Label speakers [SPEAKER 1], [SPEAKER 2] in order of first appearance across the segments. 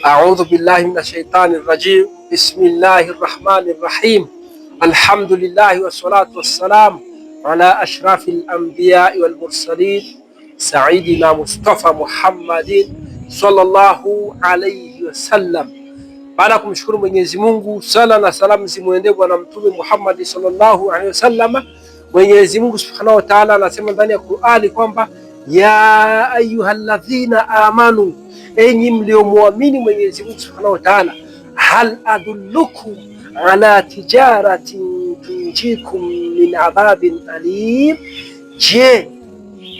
[SPEAKER 1] A'udhu billahi minash shaitani rajim. Bismillahir rahmanir rahim. Alhamdulillahi wassalatu wassalam ala ashrafil anbiya'i wal mursalin sayyidina Mustafa Muhammadin sallallahu alayhi wasallam. Baada ya kumshukuru Mwenyezi Mungu, sala na salamu zimwendee Bwana Mtume Muhammad sallallahu alayhi wasallam. Mwenyezi Mungu Subhanahu wa Ta'ala anasema ndani ya Qur'ani kwamba ya ayyuhalladhina amanu, enyi mliomwamini Mwenyezi Mungu Subhanahu wa Ta'ala, hal adullukum ala tijaratin tunjikum min adhabin alim, je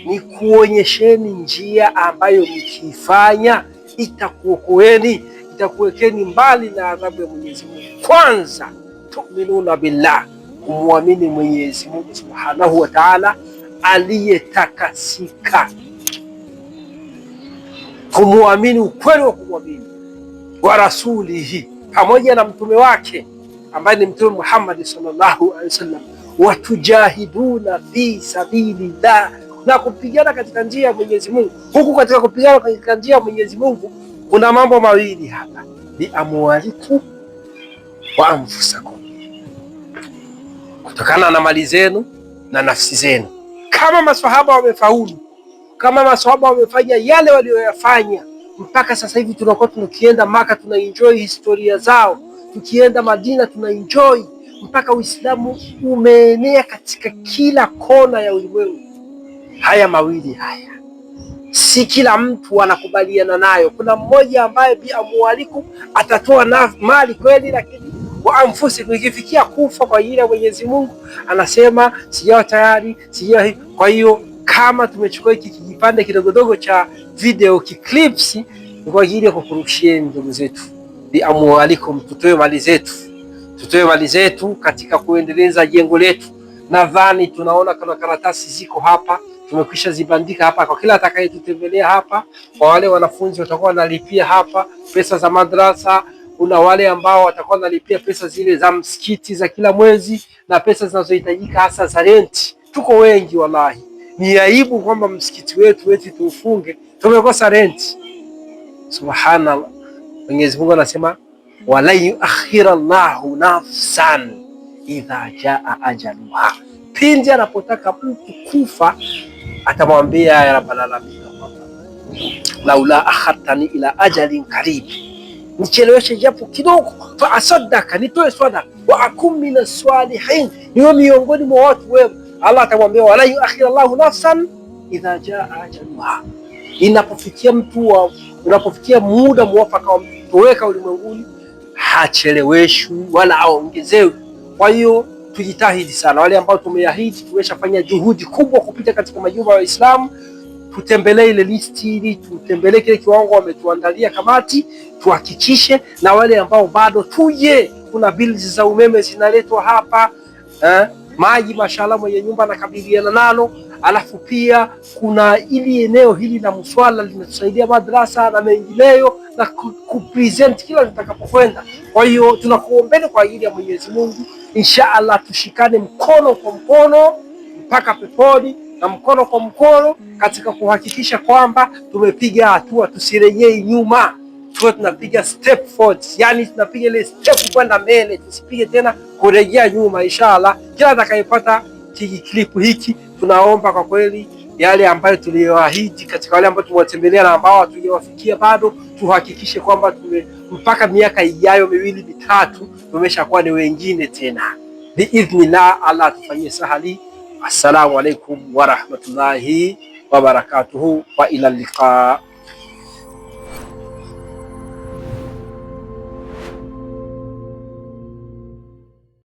[SPEAKER 1] ni kuonyesheni njia ambayo mkifanya itakuokoeni itakuwekeni mbali na adhabu ya Mwenyezi Mungu. Kwanza tuminuna billah, kumwamini Mwenyezi Mungu Subhanahu wa Ta'ala aliyetakasika, kumwamini ukweli wa kumwamini wa rasulihi, pamoja na mtume wake ambaye ni Mtume Muhammad sallallahu alaihi wasallam, watujahiduna fi sabilillah, na kupigana katika njia ya Mwenyezi Mungu. Huku katika kupigana katika njia ya Mwenyezi Mungu kuna mambo mawili hapa, bi amwalikum wa anfusakum, kutokana na mali zenu na nafsi zenu kama maswahaba wamefaulu, kama maswahaba wamefanya yale walioyafanya mpaka sasa hivi, tunakuwa tunakienda Maka tuna enjoy historia zao, tukienda Madina tuna enjoy mpaka Uislamu umeenea katika kila kona ya ulimwengu. Haya mawili haya si kila mtu anakubaliana nayo. Kuna mmoja ambaye bi amualikum atatoa mali kweli, lakini wa anfusikum, kufa kwa ajili ya Mwenyezi Mungu anasema sijawa tayari, sijawa hivi. Kwa hiyo kama tumechukua hiki kijipande kidogodogo cha video ni kwa ajili ya kukurushia ndugu zetu, biamwalikum, tutoe mali zetu, tutoe mali zetu katika kuendeleza jengo letu. Nadhani tunaona kuna karatasi ziko hapa tumekwisha zibandika hapa kwa kila atakayetutembelea hapa. Kwa wale wanafunzi watakuwa wanalipia hapa pesa za madrasa kuna wale ambao watakuwa wanalipia pesa zile za msikiti za kila mwezi na pesa zinazohitajika hasa za renti. Tuko wengi wallahi, ni aibu kwamba msikiti wetu eti tuufunge, tumekosa renti. Subhanallah, Mwenyezi Mungu anasema wala yuakhira llahu nafsan idha jaa ajaluha, pindi anapotaka mtu kufa atamwambia ya rabbal alamin, laula akhartani ila ajalin karibi nicheleweshe japo kidogo, fa asadaka, nitoe sadaka, wa akum min salihin, niwe miongoni mwa watu wema. Allah atamwambia wala yuakhir Allahu nafsan idha jaa ajaluha, inapofikia mtu, unapofikia muda mwafaka wa kutoweka ulimwenguni hacheleweshwi wala aongezewi. Kwa hiyo tujitahidi sana, wale ambao tumeahidi tumeshafanya juhudi kubwa kupita katika majumba ya Waislamu tutembelee ile listi ili tutembelee kile kiwango wametuandalia kamati, tuhakikishe na wale ambao bado tuje. Kuna bills za umeme zinaletwa hapa eh, maji mashallah, mwenye nyumba anakabiliana nalo, alafu pia kuna ili eneo hili la mswala linatusaidia madrasa na mengineyo na kupresent kila nitakapokwenda. Kwa hiyo tunakuombeni kwa ajili ya Mwenyezi Mungu, insha Allah tushikane mkono kwa mkono mpaka peponi na mkono kwa mkono katika kuhakikisha kwamba tumepiga hatua, tusirejei nyuma, tuwe tunapiga step forward, yani tunapiga ile step kwenda mbele, tusipige tena kurejea nyuma. Inshallah, kila atakayepata kiklipu hiki tunaomba kwa kweli yale ambayo tuliyoahidi katika wale ambao tumewatembelea na ambao hatujawafikia bado, tuhakikishe kwamba mpaka miaka ijayo miwili mitatu tumeshakuwa ni wengine tena. Biidhnillah, Allah atufanyie sahali. Assalamu alaikum warahmatullahi wabarakatuhu wa ila liqa.